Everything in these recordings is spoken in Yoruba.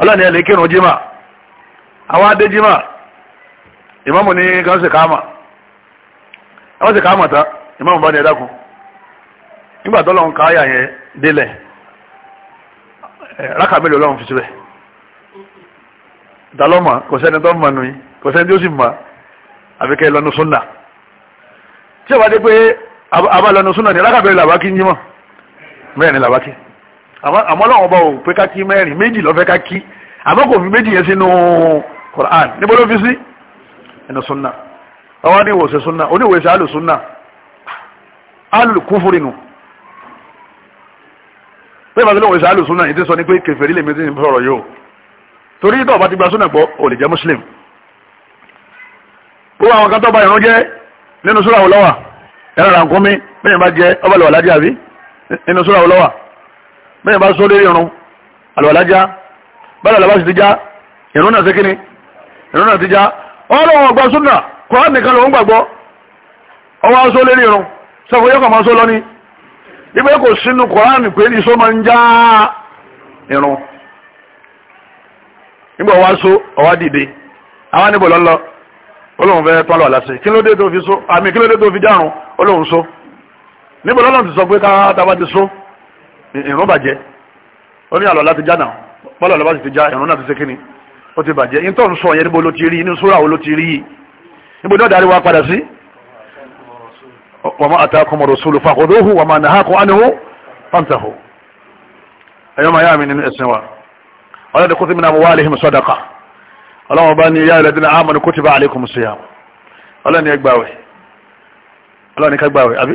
ọlọ́ni ẹ̀lẹ́ kírun jimá àwọn adé jimá ìmáàmù ní kánsì káàmà kánsì káàmà tán ìmáàmù bá ní ẹ̀dákun nígbà tó lọ́n ká àyà yẹn délẹ̀ eh, rákà mélòó lọ́n fi síbẹ̀ dalọ́mà kò sẹ́ni tó ń mọ̀ nù yín kò sẹ́ni sì mọ̀ àfikẹ́ lọ́nu súnà tí a bá dé pé abá lọ́nu súnà ní rákà àmọ́ lọ́wọ́ bá ò pé ká kí mẹ́rin méjì ló fẹ́ ká kí àmọ́ kò fi méjì yẹn sínú Quran níbo ló fi sí ẹnu sunna ọwọ́ ní ìwòsàn sunna oníwòsàn alù sunna alù kúfúrì nù pé ìbáṣẹ́ lọ́wọ́ ìṣàlù súnà ìdí sọ ní pé kèfèrí lè méjì ní sọ̀rọ̀ yóò torí tó bá ti gba súnà gbọ́ ò lè jẹ́ muslim ó àwọn kan tó bá ìrún jẹ́ nínú súnà olówà ẹ̀rọ àǹkúnmí bẹ́ẹ̀ bá jẹ́ ọbàlùwà lájẹ́ bẹ́ẹ̀ bá sọ lórí irun àlùwàlájá bẹ́ẹ̀ lọ́la bá sì ti já irun náà sí kíni irun náà ti já ọlọ́wọ́ ọgbà súnà kọ́ọ̀nì kan lòún gbàgbọ́ ọwọ́ sọ lórí irun sọfọ yọkọ̀ máa sọ lọ ní ibẹ̀ kò sínú kọ́ọ̀nì pé ìṣó máa ń já irun nígbà wá sọ ọwá dìde àwọn níbo lọ́lọ́ olóhùn fẹ́ tọ́lọ̀ àlàsì kí ló dé tó fi sọ àmì olóhùn sọ níbo lọ́lọ́ ìrún bàjẹ́ ó ní àlọ́ láti já náà bọ́lá ọ̀lọ́ bá sì ti já ìrún náà ti ṣe kíni ó ti bàjẹ́ yín tó ń sọ yẹn níbo ló ti rí inú súra wo ló ti rí níbo ní ọ̀dàrí wa padà sí wa ma atakum rasulu fakhudhuhu wa ma nahakum anhu fantahu ẹ̀yọ́ máa yá mi nínú ẹ̀sìn wa ọlọ́dẹ kó ti mi náà wà lẹ́hìn sọ́dọ̀kà ọlọ́wọ́n bá ní yá ilẹ̀ dínà amanu kutiba alaykum siyam ọlọ́ni ẹgbàwẹ̀ ọlọ́ni kẹgbàwẹ̀ àbí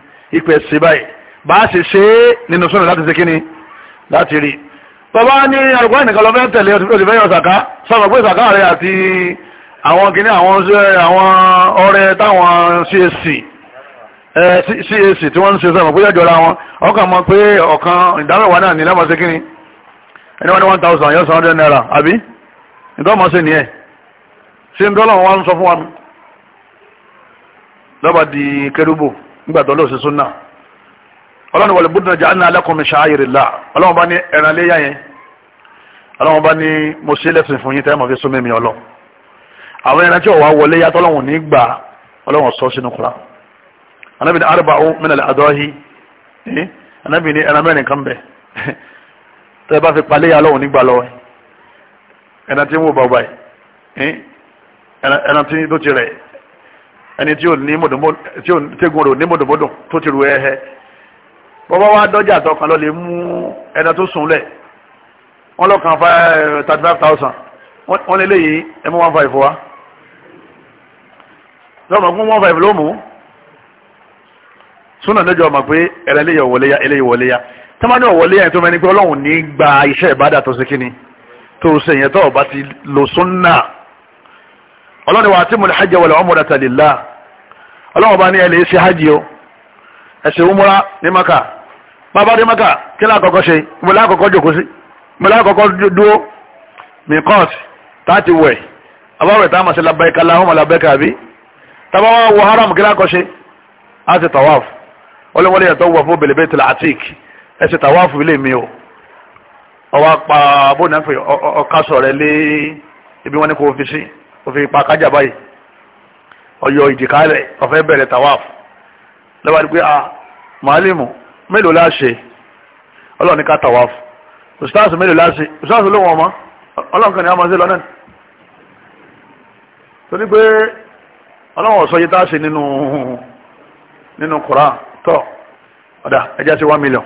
ìpè sí báyìí bá a ṣe ṣe é nínú súnà láti ṣe kíni láti rí bàbá ní alùpùpù nìkan lọ fẹ́ tẹ̀lé oṣù fẹ́ yọ ṣàká sọ̀rọ̀ pé ṣàká rẹ̀ àti àwọn kíní àwọn ọrẹ táwọn CAC CAC tí wọ́n ń ṣe sọ̀rọ̀ pé yọjọ́ra wọn ọkàn mọ̀ pé ọ̀kan ìdámẹ́wàá náà ní lẹ́mọ̀ one thousand naira àbí ìdánmọ̀ ṣe nìyẹn ṣé ń dọ́là wọn wá di kérúbù nígbà tó lóòsì súnà ọlọ́run wọlé búdùnà jà ánà alákùnrin ṣááyèrè là ọlọ́run bá ní ẹran léyà yẹn ọlọ́run bá ní mo ṣe lẹ́sìn fún yín tẹ́lẹ̀mọ̀ fi sún mímí ọlọ́ àwọn ẹran tí ò wá wọlé yàtọ̀ ọlọ́run ní gbà ọlọ́run sọ sínú kura anabi ní arba'u min al-adahi anabi eh? ní ẹran mẹ́rin kan bẹ̀ tẹ́ bá fi palẹ́ yà ọlọ́run ní gbà lọ́wọ́ ẹran tí ń wò bàbá eh? ẹran tí ló ti rẹ̀ ẹni tí tegun rò ní mọ̀dọ̀mọ́dọ̀ tó ti ru ẹ̀hẹ́ bọ́bá wa dọ́jà tọkàn lọ lè mú ẹni tó sùn lẹ̀ wọ́n lọ́kàn five eh, thirty five thousand wọ́n lé léyìí ẹ̀mú one five wa lọ́mọ fún one five ló mú súnà lójú ọmọ pé ẹ̀rẹ́ eléyìí ọ̀wọ́léyà eléyìí ọ̀wọ́léyà tí wọ́n ní ọ̀wọ́léyà yẹn tó mẹ́ni pé ọlọ́run ní gba iṣẹ́ ìbádà tó ṣe kíni tó ṣe yẹn tó ọba ti lò súnà ọlọ́run wa ti mú ní hajj wal umrata lillah ọlọ́wọ́n bá ní ẹ lè ṣe hajj o ẹ ṣe umura ní maka bàbá dé maka kí ló àkọ́kọ́ ṣe mo lè àkọ́kọ́ jòkó sí mo lè àkọ́kọ́ dúró mikọ́ọ̀tì tá a ti wẹ̀ abáwẹ̀ tá a máa ṣe labẹ́ka lahoma labẹ́ka àbí tábà wà wọ haram kí ló àkọ́ ṣe a ti tawaf ọlọ́wọ́n lè yàtọ̀ wọ̀ fún bèlèbè tìlà àtìk ẹ tawaf ilé mi o ọwọ́ pa bóńdà ń fẹ́ ọkásọ̀ rẹ lé ibi wọn ni kò fi sí òfin pa báyìí ọyọ ìdìkálẹ̀ ọ̀fẹ́ bẹ̀rẹ̀ tawaf lọ́wọ́ pé a màálìmù mélòó láṣẹ ọlọ́run ní ká tawaf ustaz mélòó láṣẹ ustaz olóhùn ọmọ ọlọ́run kan ní amọ̀ sí lọ́nà torí pé ọlọ́run ọ̀sọ́ yìí táṣe nínú nínú Qur'an tọ́ ọ̀dà ẹja sí one million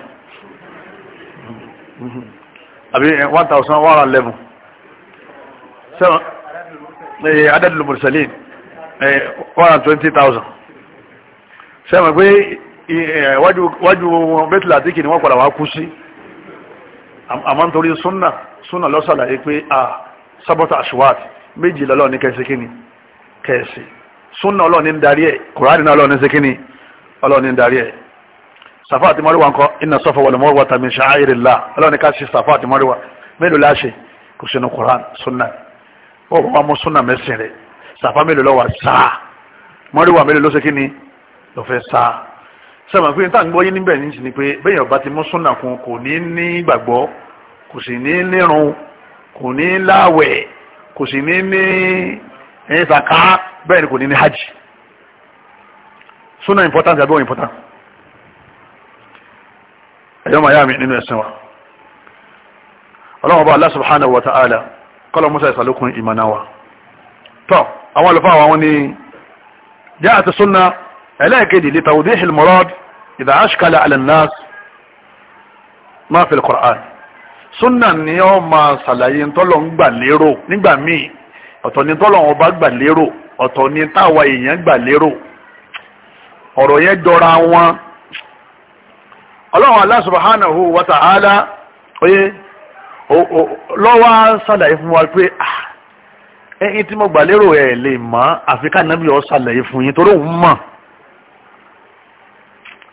àbí one thousand one hundred and eleven sẹ́wọ̀n eh, adadul mursalin one hundred twenty thousand sẹ́wọ̀n pé wájú wọn bẹ́tìlá àti kìnnìwọ́n padà wá kú sí àmọ́ nítorí súnà súnà lọ́sàlàyé pé a sábọ́tà aṣùwàt méjì lọ́lọ́ ní kẹsì kíni kẹsì súnà ọlọ́ọ̀ni ń darí ẹ̀ kùránì náà ọlọ́ọ̀ni sí kíni ọlọ́ọ̀ni ń darí ẹ̀ sàfà àti mọ́ríwá ńkọ́ iná sọ́fà wọlé mọ́ríwá tàbí ṣááìrìlá ọlọ́ọ̀ni ká sí sàfà àti mọ́ríwá mélòó láṣẹ sàfà mélòó lọ́wọ́ sá mọ́ríwà mélòó ló ṣe kí ni ló fẹ́ sá sẹ́wọ̀n pé tá à ń gbọ́ yín níbẹ̀ ní ìsìn pé bẹ́ẹ̀ ọba ti mú súnà kun kò ní ní gbàgbọ́ kò sì ní nírun kò ní láwẹ̀ kò sì ní ní ìsàká bẹ́ẹ̀ ni kò ní ní hajj súnà important àbí important ẹ̀yọ́ màá yá mi nínú ẹ̀sìn wa ọlọ́run ọba Allah subhanahu wa ta'ala kọ́lọ́ musa ìsàlùkùn ìmọ̀ náà wa tọ́ àwọn àlùfáà àwọn ni jẹ́ àti súnà ẹlẹ́ẹ̀kejì lè tàwùdí hilmorod ìdá ashkala alannas máa fi qur'an súnà ni ó máa ṣàlàyé ntọ́lọ̀ ń gbà lérò nígbà míì ọ̀tọ̀ ni tọ́lọ̀ wọn bá gbà lérò ọ̀tọ̀ ni táwa èèyàn gbà lọ́wọ́ ṣàlàyé fún wa pé ah ẹyin tí mo gbà lérò ẹ lè mọ àfi ká nàbí ọ ṣàlàyé fún yín torí òun mọ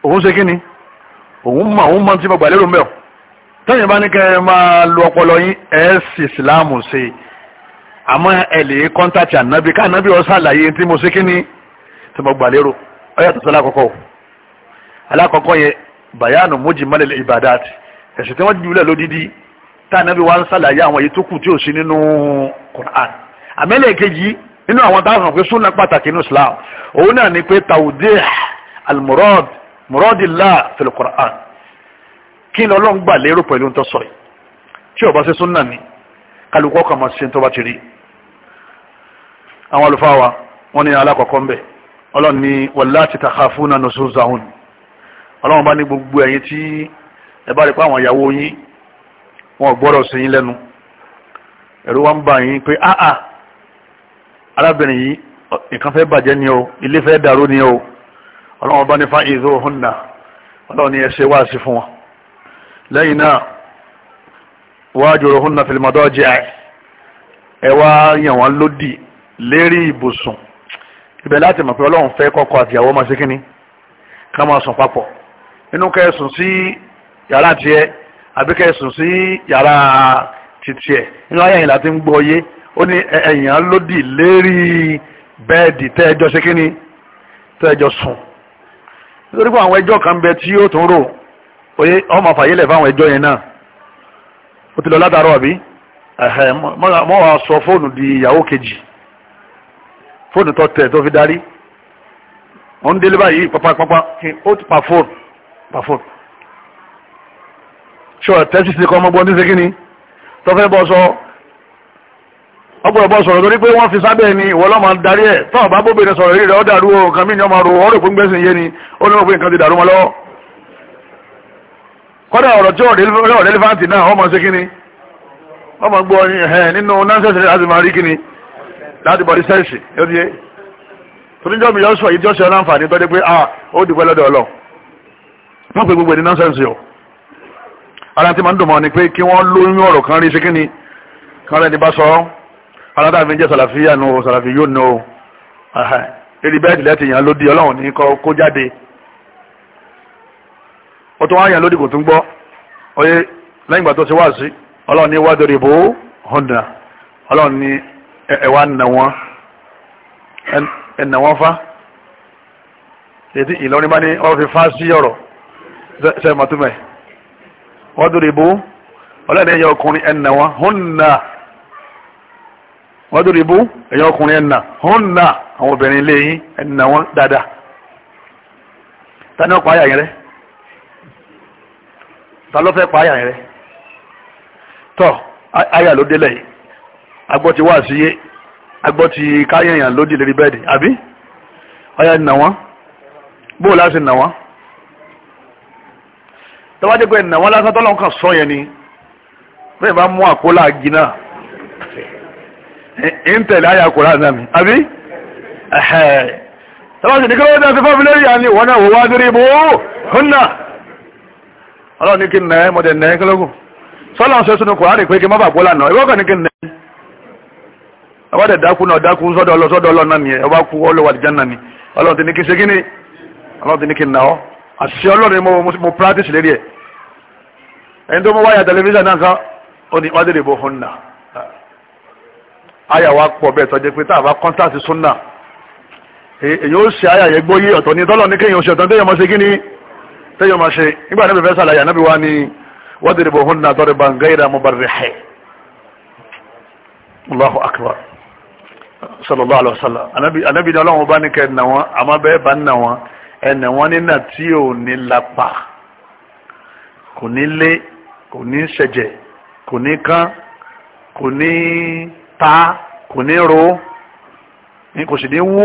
òun ṣe kí ni òun mọ òun mọ tí mo gbà lérò mẹ́ọ̀ tẹ́yìn bá ní kẹ́ ẹ máa lo ọpọlọ yín ẹ sì ìsìláàmù ṣe àmọ́ ẹ lè kọ́ńtàtì ànábì ká ànábì ọ ṣàlàyé tí mo ṣe kí ni tí mo gbà lérò ọ yàtọ̀ sí alákọ̀ọ́kọ́ alákọ̀ọ́kọ́ yẹn bayanu mujmalil ibadat ẹ̀sìn tí wọ́n jùlẹ̀ lódìdí tá ànábì wa ń ṣàlàyé àwọn èyí tó kù tí àmẹ́lẹ̀ kejì nínú àwọn táwọn pé súnà pàtàkì nínú islam òun náà ni pé tawdih almurad muradillah fil Qur'an kí ni ọlọ́run gbà lérò pẹ̀lú ń tọ́sọ̀ yìí tí ó bá ṣe súnà ni kálukú ọkàn máa ṣe tó bá ti rí àwọn àlùfáà wa wọ́n ní alákọ̀ọ́kọ́ ń bẹ̀ ọlọ́run ní wallati takhafuna nusuzahun ọlọ́run bá ní gbogbo ẹ̀yin tí ẹ bá rí pé àwọn ìyàwó yín wọn gbọ́dọ̀ sí yín lẹ́nu ẹ̀rù wa ń bà yín pé áà arábìnrin yìí nǹkan fẹ́ bàjẹ́ ni o ilé fẹ́ dàrú ni o ọlọ́run bá ní fa ìzó hùnà ọlọ́run ni ẹ ṣe wáàsí fún wọn lẹ́yìn náà wájúrò hùnà fìlìmọ́dọ́ jẹ́ ẹ wá yàn wọ́n lódì lérí ibùsùn ibẹ̀ láti mọ̀ pé ọlọ́run fẹ́ kọ́kọ́ àtìyàwó máa ṣe kínní ká máa sùn papọ̀ inú kẹsùn sí yàrá tiẹ̀ àbí kẹsùn sí yàrá titiẹ̀ inú ayẹyìn láti ń gbọ́ yé ó ní ẹ̀yàn lódì lérí bẹ́ẹ̀dì tẹ́ẹ̀jọ́ ṣe kíni tẹ́ẹ̀jọ́ sùn nítorí pé àwọn ẹjọ́ kan bẹ tí yóò tún rò oyè ọmọ àfàyèlẹ̀ fáwọn ẹjọ́ yẹn náà ó ti lọ látàárọ̀ àbí mọ́ wàá sọ fóònù di ìyàwó kejì fóònù tó tẹ̀ tó fi darí wọ́n ń délé báyìí pápápápá ó ti pa fóònù pa fóònù ṣọ́ tẹ́sí sí kọ́ ọmọ gbọ́n ní ṣe kíni tọ́fẹ́ bọ́ sọ ọgbọ̀n ọ̀bọ̀ sọ̀rọ̀ torí pé wọ́n fi sábẹ́ ni ìwọ lọ́mọ darí ẹ̀ tọ́ ọ̀bá bóbìnrin sọ̀rọ̀ eré rẹ̀ ó dàrú o nǹkan mí ni ọmọ ro ọ̀rọ̀ fún gbẹ́sìn yé ni ó ní òpin nǹkan ti dàrú mọ́ lọ́wọ́ kọ́dà ọ̀rọ̀ tí ọ̀rọ̀ rẹ́lífáǹtì náà ọmọ ṣe kíni ọmọ gbọ́ ẹ̀hẹ́ nínú nánsẹ́sì láti máa rí kíni láti bọ̀ rísẹ́ẹ̀sì ó di toríjọ́ mi yọ́ sọ ìdí ọ̀sẹ̀ láǹfààní tọ́jú ni kan rẹ̀ ní bá sọ aláta mi jẹ́ sàlàfíà nù o sàlàfí yóò nù o eré bẹ́ẹ̀dì lẹ́tì yàn lódì ọlọ́run ní kó jáde ó tún wá yàn lódì kò tún gbọ́ oyè lẹ́yìn ìgbà tó ṣe wá sí ọlọ́run ní wá dòrè bò ó ọlọ́run ní ẹ̀wà fi fá sí ọ̀rọ̀ ọlọ́run ní ẹ̀yà ọkùnrin ẹ̀nà wọ́n wọ́n dúró ibú ẹ̀yin ọkùnrin ẹ̀nà hàn nà àwọn obìnrin ilé yín ẹ̀nà wọn dáadáa ta ni ó pa àyà yẹn rẹ ta ló fẹ́ pa àyà yẹn rẹ tọ́ àyà ló délẹ̀ yìí agbọ́ ti wá sí yé agbọ́ ti káyẹ̀yàn lódì lérí bẹ́ẹ̀dì àbí ọ̀yà nà wọ́n bóò láti nà wọ́n tọ́wájú pé nà wọ́n lásán tọ́lọ́ kan sọ yẹn ni bẹ́ẹ̀ bá mú àpólà gínáà ń tẹ̀lé àyà kòrán náà mi àbí ẹ̀hẹ́ tọ́wọ́sì ní kílọ́wọ́ dáa ti fáfi lórí àní wọ́n náà wọ́wá dúrí ibò húnnà ọlọ́run ní kí n nẹ́ mọ́dẹ̀ nẹ́ kílọ́gùn sọ́lá ń sọ sínú kòrán pé kí má bàbá lànà ìwọ́kàn ní kí n nẹ́ ọba tẹ̀ dákú náà dákú sọ́dọ̀ ọlọ́ sọ́dọ̀ ọlọ́ náà nìyẹn ọba kú ọlọ́wà àdìján náà ni ọlọ́run ti ní àyà wa pọ̀ bẹ́ẹ̀ tọ́jú pé tá a bá kọ́ńtàtì súnà e, èyí ó ṣe àyà yẹn gbóyè ọ̀tọ̀ ní tọ́lọ̀ ní kéèyàn ṣe ọ̀tọ̀ téèyàn máa ṣe kíni téèyàn máa ṣe nígbà níbi fẹ́ sàlàyé ànábi wa ni wọ́n ti dìbò hún náà tọ́rọ bàǹgá ìdá mo bàrẹ̀ hẹ́ Allahu akbar sallallahu alaihi wasallam ànábi ni ọlọ́run bá ní kẹ́ ẹ̀ nà wọ́n àmọ́ bá ń nà wọ́n ẹnì wọn nínà tí ò ní lapa kò ní lé kò ní ṣẹ̀jẹ̀ kò ní kán kò ní ta kò ní ro kò sì ní wú